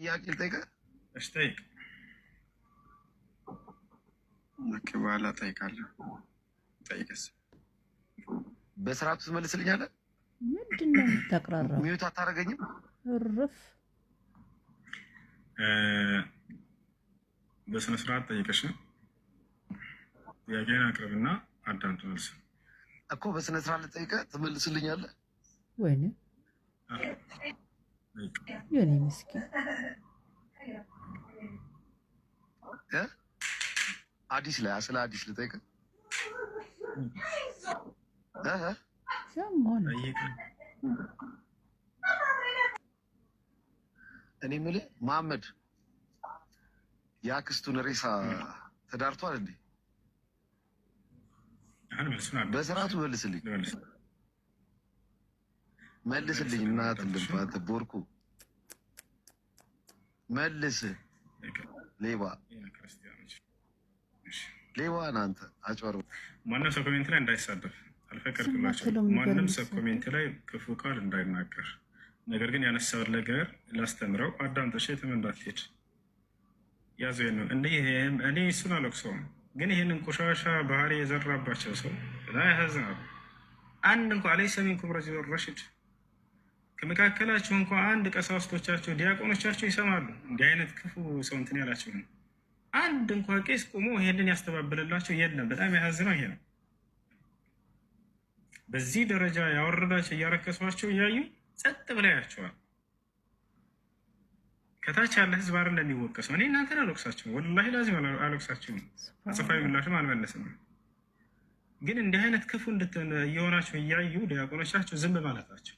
ጥያቄ ልጠይቅህ? እሺ ጠይቅ። ኦኬ በኋላ እጠይቃለሁ። ጠይቅስ በስርዓቱ ትመልስልኛለህ? ምንድን ነው የምታቅራራው? ሚዩት አታደርገኝም? እርፍ በስነ ስርዓት ጠይቀሽ ጥያቄን አቅርብና አዳምጥ። መልስ እኮ በስነ ስርዓት ልጠይቀህ ትመልስልኛለህ? ወይኔ የኔ ምስኪን አዲስ ላይ ስለ አዲስ ልጠይቅ እኔ የምልህ መሐመድ የአክስቱን ሬሳ ተዳርቷል እንዴ? በስርዓቱ መልስልኝ። መልስልኝ እናት ልባት ቦርኩ መልስ። ሌባ ሌባ አንተ አጭበርባሪ። ማንም ሰው ኮሜንት ላይ እንዳይሳደብ አልፈቀድክላቸው። ማንም ሰው ኮሜንት ላይ ክፉ ቃል እንዳይናገር፣ ነገር ግን ያነሳውን ነገር ላስተምረው አዳምጠሽ የትም እንዳትሄድ ያዘ ነው። እኔ እሱን አልወቅሰውም፣ ግን ይህንን ቆሻሻ ባህሪ የዘራባቸው ሰው ላይ ያሳዝናሉ። አንድ እንኳ አለይሰ ሚንኩም ረጅሉን ረሺድ ከመካከላችሁ እንኳ አንድ ቀሳውስቶቻቸው ዲያቆኖቻቸው ይሰማሉ። እንዲህ አይነት ክፉ ሰው እንትን ያላቸው ነው። አንድ እንኳ ቄስ ቆሞ ይሄንን ያስተባበለላቸው የለም። በጣም ያሳዝነው ይሄ ነው። በዚህ ደረጃ ያወረዳቸው እያረከሷቸው እያዩ ጸጥ ብላ ያቸዋል። ከታች ያለ ህዝብ አይደል የሚወቀሰው? እኔ እናንተን አልወቅሳቸውም፣ ወላሂ ላዚም አልወቅሳቸውም። ጽፋዊ ምላሽም አልመለስም። ግን እንዲህ አይነት ክፉ እንድትን እየሆናቸው እያዩ ዲያቆኖቻቸው ዝም ማለታቸው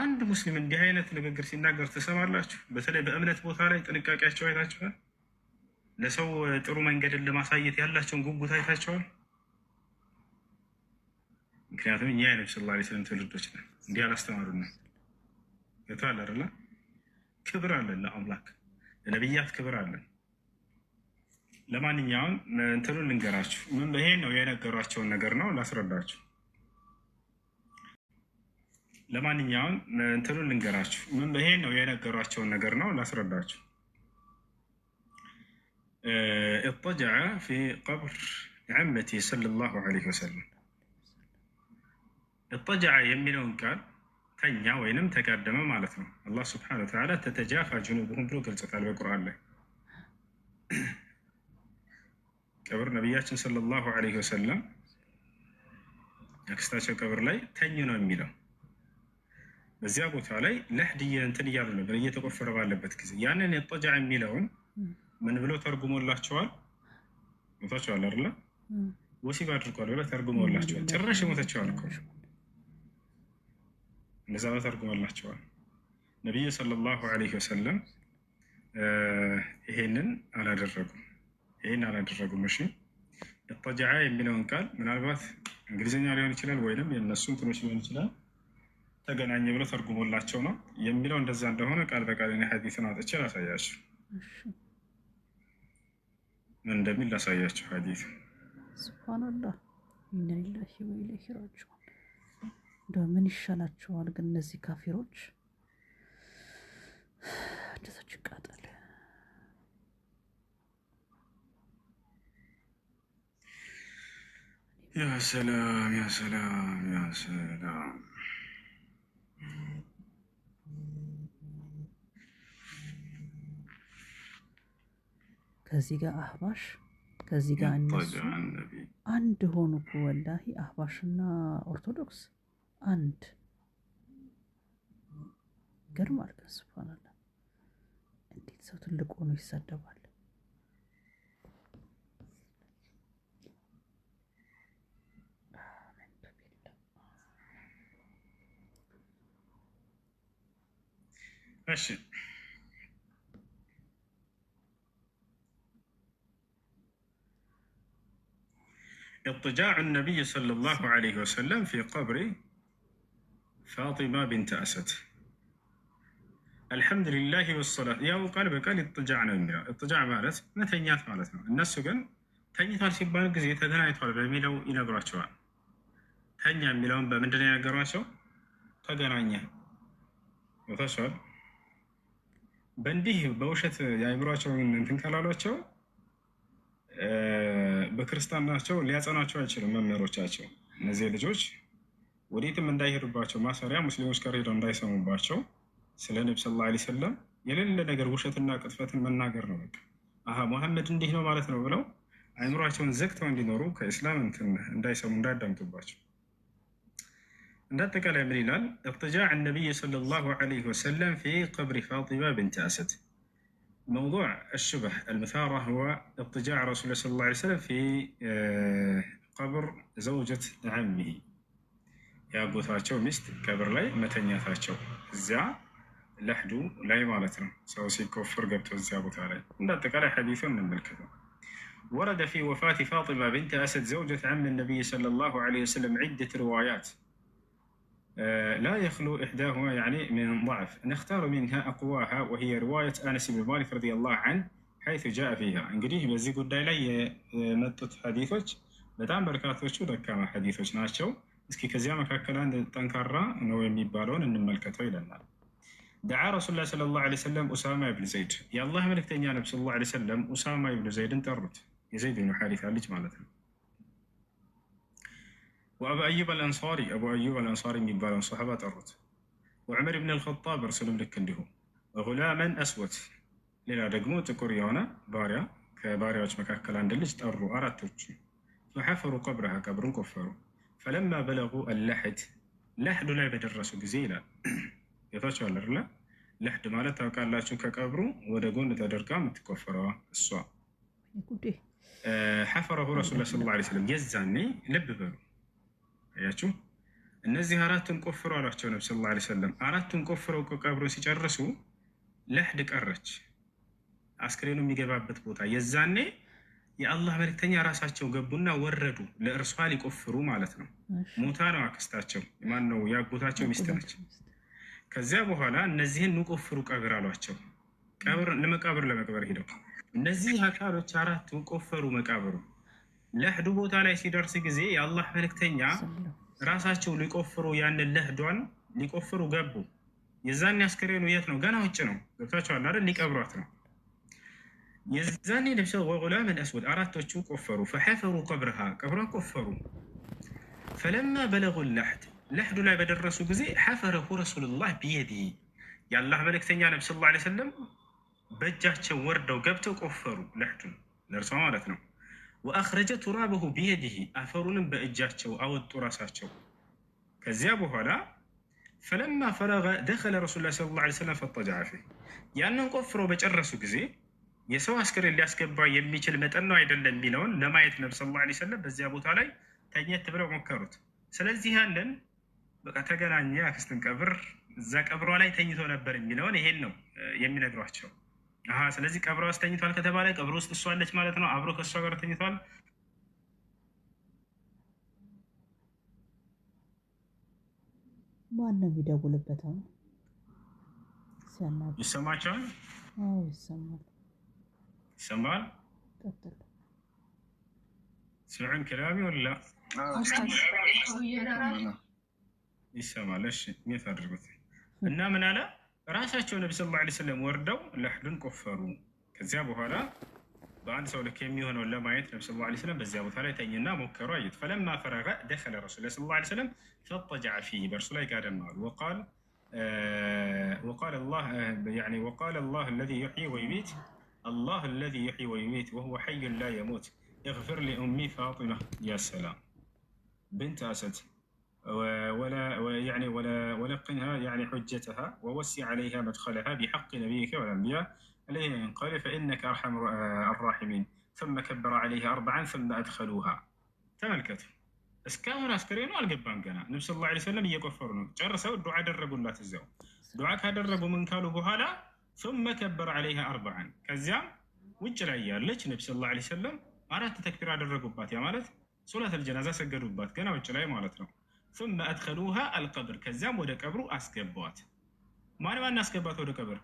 አንድ ሙስሊም እንዲህ አይነት ንግግር ሲናገር ትሰማላችሁ? በተለይ በእምነት ቦታ ላይ ጥንቃቄያቸው አይታችኋል? ለሰው ጥሩ መንገድን ለማሳየት ያላቸውን ጉጉት አይታቸዋል? ምክንያቱም እኛ አይነብ ስላ ላ ስለም ትውልዶች ነን። እንዲህ አላስተማሩንም። ገቷል አይደለ? ክብር አለን ለአምላክ ለነብያት ክብር አለን። ለማንኛውም እንትኑን ልንገራችሁ። ይሄን ነው የነገሯቸውን ነገር ነው ላስረዳችሁ ለማንኛውም እንትኑ ልንገራችሁ። ይሄን ነው የነገሯቸውን ነገር ነው ላስረዳችሁ። እጠጃ ፊ ቀብር ዐመቲ ሰለላሁ ዐለይሂ ወሰለም። እጠጃ የሚለውን ቃል ተኛ ወይንም ተጋደመ ማለት ነው። አላህ ስብሐነሁ ወተዓላ ተተጃፋ ጅኑብሁም ብሎ ገልጾታል በቁርአን ላይ ቀብር ነቢያችን ሰለላሁ ዐለይሂ ወሰለም አክስታቸው ቀብር ላይ ተኝ ነው የሚለው በዚያ ቦታ ላይ ለሕድ እንትን እያሉ ነበር እየተቆፈረ ባለበት ጊዜ ያንን የጠጃ የሚለውን ምን ብሎ ተርጉሞላቸዋል? ሞታቸዋል አለ ወሲብ አድርጓል ብለ ተርጉሞላቸዋል። ጭራሽ ሞተቸዋል እኮ እነዛ ብለ ተርጉሞላቸዋል። ነቢዩ ሰለላሁ ዐለይሂ ወሰለም ይሄንን አላደረጉም። ይሄን አላደረጉም። እሺ የጠጃ የሚለውን ቃል ምናልባት እንግሊዝኛ ሊሆን ይችላል ወይንም የነሱ ትኖች ሊሆን ይችላል ተገናኘ ብሎ ተርጉሞላቸው ነው የሚለው። እንደዛ እንደሆነ ቃል በቃል እኔ ሀዲትን አውጥቼ ላሳያችሁ፣ ምን እንደሚል ላሳያቸው። ሀዲት ስብሓንላህ ኢናሊላሂ ወኢለይሂ ራጂዑን። እንደው ምን ይሻላቸዋል ግን እነዚህ ካፊሮች እንደዛች ይቃጠል። ያ ሰላም፣ ያ ሰላም፣ ያ ሰላም ከዚህ ጋር አህባሽ ከዚህ ጋር እነሱ አንድ ሆኑ እኮ ወላሂ አህባሽና ኦርቶዶክስ አንድ ገርም አልከን። ስብሃናላ እንዴት ሰው ትልቅ ሆኖ ይሳደባል? question. اضطجاع النبي صلى الله عليه وسلم في قبر فاطمه بنت اسد. الحمد لله والصلاه يا ابو قلبه قال اضطجعنا امراه، اضطجاع مالت ما تنيات مالت الناس قال تنيات مالت يبان قزي تنيات مالت بميلو الى براشوا. تنيات ميلون بمدنيا قراشوا تقرانيا. وفشل በእንዲህ በውሸት የአይምሯቸውን እንትን ካላሏቸው በክርስትናቸው ሊያጸናቸው አይችልም። መምህሮቻቸው እነዚህ ልጆች ወዴትም እንዳይሄዱባቸው ማሰሪያ ሙስሊሞች ጋር ሄደው እንዳይሰሙባቸው ስለ ነብ ስ ላ ሰለም የሌለ ነገር ውሸትና ቅጥፈትን መናገር ነው። በቃ አሀ ሙሐመድ እንዲህ ነው ማለት ነው ብለው አይምሯቸውን ዘግተው እንዲኖሩ ከእስላም እንትን እንዳይሰሙ እንዳያዳምጡባቸው نتكلم من الآن اضطجاع النبي صلى الله عليه وسلم في قبر فاطمة بنت أسد موضوع الشبه المثارة هو اضطجاع رسول الله صلى الله عليه وسلم في آه، قبر زوجة عمه يا أبو ثاتشو مست قبر لي متن ثاتشو زا لحدو لا يمالتنا سو كفر قبتو زا أبو ثالي نتكلم حديث من الملكة ورد في وفاة فاطمة بنت أسد زوجة عم النبي صلى الله عليه وسلم عدة روايات آه، لا يخلو إحداهما يعني من ضعف نختار منها أقواها وهي رواية أنس بن مالك رضي الله عنه حيث جاء فيها እንግዲህ በዚህ ጉዳይ ላይ የመጡት ሐዲሶች በጣም በርካቶቹ ደካማ ሐዲሶች ናቸው። እስኪ ከዚያ መካከል አንድ ጠንካራ أن የሚባለውን እንመልከተው النار دعا رسول الله صلى الله عليه وسلم أسامة بن زيد يا الله ملكتين يا نبي صلى الله عليه وسلم أسامة بن زيد انترت يزيد بن حارثة لج مالتنا وابو ايوب الانصاري ابو ايوب الانصاري من بال صحابه الرت وعمر بن الخطاب رسول الله كنده وغلاما اسود لنا دغمو تكور يونا باريا كبارياوچ مكاكل عند لج طروا اراتوچ فحفروا قبرها قبرن كفروا فلما بلغوا اللحد لحد لا الرسول جزيلا يفاشوا لرلا لحد ما لا تاكلاچو كقبرو ودغون تدركا متكفروا اسوا حفره رسول الله صلى الله عليه وسلم يزاني لببروا አያችሁ፣ እነዚህ አራቱን ቆፍረው አሏቸው ነብ ስለ ላ ሰለም። አራቱን ቆፍረው ቀብሮ ሲጨርሱ ለሕድ ቀረች፣ አስክሬኑ የሚገባበት ቦታ። የዛኔ የአላህ መልክተኛ ራሳቸው ገቡና ወረዱ፣ ለእርሷ ሊቆፍሩ ማለት ነው። ሞታ ነው አክስታቸው፣ ማን ነው ያጎታቸው ሚስት ነች። ከዚያ በኋላ እነዚህን ንቆፍሩ ቀብር አሏቸው። ቀብር ለመቃብር ለመቅበር ሄደው እነዚህ አካሎች አራቱ ቆፈሩ መቃብሩ ለህዱ ቦታ ላይ ሲደርስ ጊዜ የአላህ መልእክተኛ ራሳቸው ሊቆፍሩ ያንን ለህዷን ሊቆፍሩ ገቡ። የዛኔ አስከሬኑ የት ነው? ገና ውጭ ነው። ገብታችኋል አይደል? ሊቀብሯት ነው። የዛኔ ነብሰ ወጉላምን አስወድ አራቶቹ ቆፈሩ። ፈሐፈሩ ቀብረሃ ቀብሯን ቆፈሩ። ፈለማ በለጉ ላሕድ ለሕዱ ላይ በደረሱ ጊዜ ሐፈረሁ ረሱሉላህ ብየዲ የአላህ መልእክተኛ ነብ ስ ላ ሰለም በእጃቸው ወርደው ገብተው ቆፈሩ። ለሕዱን ለእርሷ ማለት ነው ወአኽረጀ ቱራበሁ ቢየዲሂ አፈሩንም በእጃቸው አወጡ ራሳቸው። ከዚያ በኋላ ፈለማ ፈረገ ደኸለ ረሱሉ ላ ሰለላሁ ዐለይሂ ወሰለም ፈጠጀዐ ፊህ። ያንን ቆፍሮ በጨረሱ ጊዜ የሰው አስክሬን ሊያስገባ የሚችል መጠን ነው አይደለም የሚለውን ለማየት ነብ ሰለላሁ ዐለይሂ ወሰለም በዚያ ቦታ ላይ ተኘት ብለው ሞከሩት። ስለዚህ ያንን በቃ ተገናኘ አክስትን ቀብር እዛ ቀብሯ ላይ ተኝቶ ነበር የሚለውን ይሄን ነው የሚነግሯቸው። ስለዚህ ቀብረ ውስጥ ተኝቷል ከተባለ ቀብረ ውስጥ እሷ አለች ማለት ነው። አብሮ ከእሷ ጋር ተኝቷል። ማን ነው የሚደውልበት? አሁን ይሰማቸዋል። ይሰማል፣ ይሰማል። ስምዑን ክላሚ ወላ ይሰማል። እሺ፣ ሜት አድርጉት እና ምን አለ ራሳቸው ነቢ ስለ ላ ስለም ወርደው ለሕዱን ቆፈሩ። ከዚያ በኋላ በአንድ ሰው ልክ የሚሆነውን ለማየት ነቢ ስለ ላ ስለም በዚያ ቦታ ላይ ተኝና ሞከሩ አዩት። ፈለማ ፈረቀ ደኸለ ረሱል ላ ላ ስለም ፈጠጃ ፊህ በእርሱ ላይ ጋደም አሉ። ወቃል ወቃል አላህ አለዚ ዩሕይ ወዩሚት አላህ አለዚ ዩሕይ ወዩሚት ወሁወ ሐዩን ላ የሙት እግፍር ሊኡሚ ፋጢማ ያ ሰላም ብንት አሰድ ولا يعني ولا ولقنها يعني حجتها ووسع عليها مدخلها بحق نبيك والانبياء الذين ان قال فانك ارحم آه، الراحمين ثم كبر عليها اربعا ثم ادخلوها تملكت بس كانوا ناس كرينو القبان قنا نفس الله عليه وسلم يقفرون جرسوا الدعاء دربوا لا تزوا دعاك هدربوا من كانوا بهالا ثم كبر عليها اربعا كزام وجل عيال ليش نبي صلى الله عليه وسلم ما راح تتكبر على الرقبات يا مالت صلاة الجنازة سجلوا بات قنا وجل عيال مالتنا ثم أدخلوها القبر ከዚያም ወደ ቀብሩ አስገቧት። ማን ማን አስገባት ወደ ቀብር?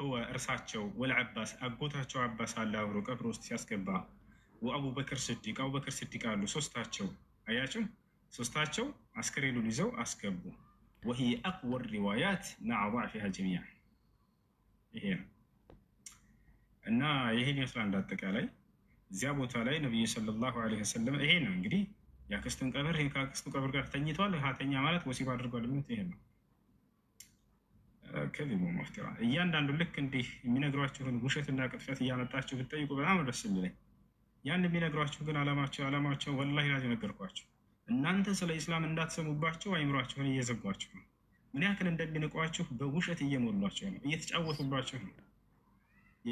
هو እርሳቸው ወልዓባስ አጎታቸው አባስ አለ አብሮ ቀብር ውስጥ ሲያስገባ ወአቡበክር ስዲቅ አቡበክር ስዲቅ አሉ። ሶስታቸው አያችሁ፣ ሶስታቸው አስከሬኑን ይዘው አስገቡ። وهي أقوى الروايات مع ضعفها جميعا ይሄ ነው እና ይሄን ይመስላል እንዳጠቃላይ እዚያ ቦታ ላይ ነቢዩ ሰለላሁ ዐለይሂ ወሰለም ይሄ ነው እንግዲህ የአክስቱን ቀብር ይሄ ከአክስቱ ቀብር ጋር ተኝቷል። ሀተኛ ማለት ወሲብ አድርጓል የሚሉት ይሄ ነው። ከዚህ መፍትራ እያንዳንዱ ልክ እንዲህ የሚነግሯችሁን ውሸትና ቅጥፈት እያመጣችሁ ብትጠይቁ በጣም ደስ የሚለኝ ያን የሚነግሯችሁ ግን አላማቸው አላማቸው ወላሂ ላዚ ነገርኳችሁ። እናንተ ስለ ኢስላም እንዳትሰሙባቸው አይምሯችሁን እየዘጓችሁ ነው። ምን ያክል እንደሚንቋችሁ በውሸት እየሞሏቸው ነው፣ እየተጫወቱባችሁ ነው።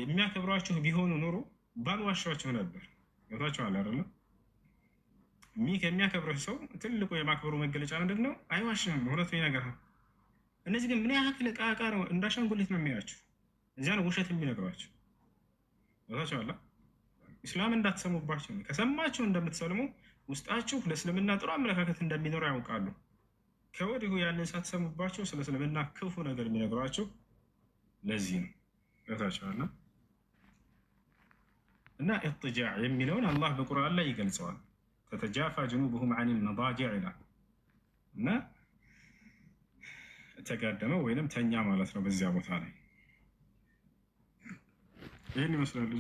የሚያከብሯችሁ ቢሆኑ ኑሮ ባልዋሻችሁ ነበር። ገብቷችኋል አይደለም? የሚያከብረው ሰው ትልቁ የማክበሩ መገለጫ ምንድን ነው? አይዋሽም፣ ነገር ነው። እነዚህ ግን ምን ያህል ቃቃ ነው እንዳሻንጉሊት ነው የሚያቸው። እዚያ ነው ውሸት የሚነግሯቸው ቦታቸው ኢስላም እንዳትሰሙባቸው ነው። ከሰማችሁ እንደምትሰልሙ ውስጣችሁ ለእስልምና ጥሩ አመለካከት እንደሚኖረው ያውቃሉ። ከወዲሁ ያንን ሳትሰሙባቸው ስለ እስልምና ክፉ ነገር የሚነግሯቸው ለዚህ ነው ቦታቸው እና እጥጃዕ የሚለውን አላህ በቁርአን ላይ ይገልጸዋል። تتجافى جنوبهم عن المضاجع لا نا تقدم وينم تنيا مالتنا بزيابو ثاني ايه اللي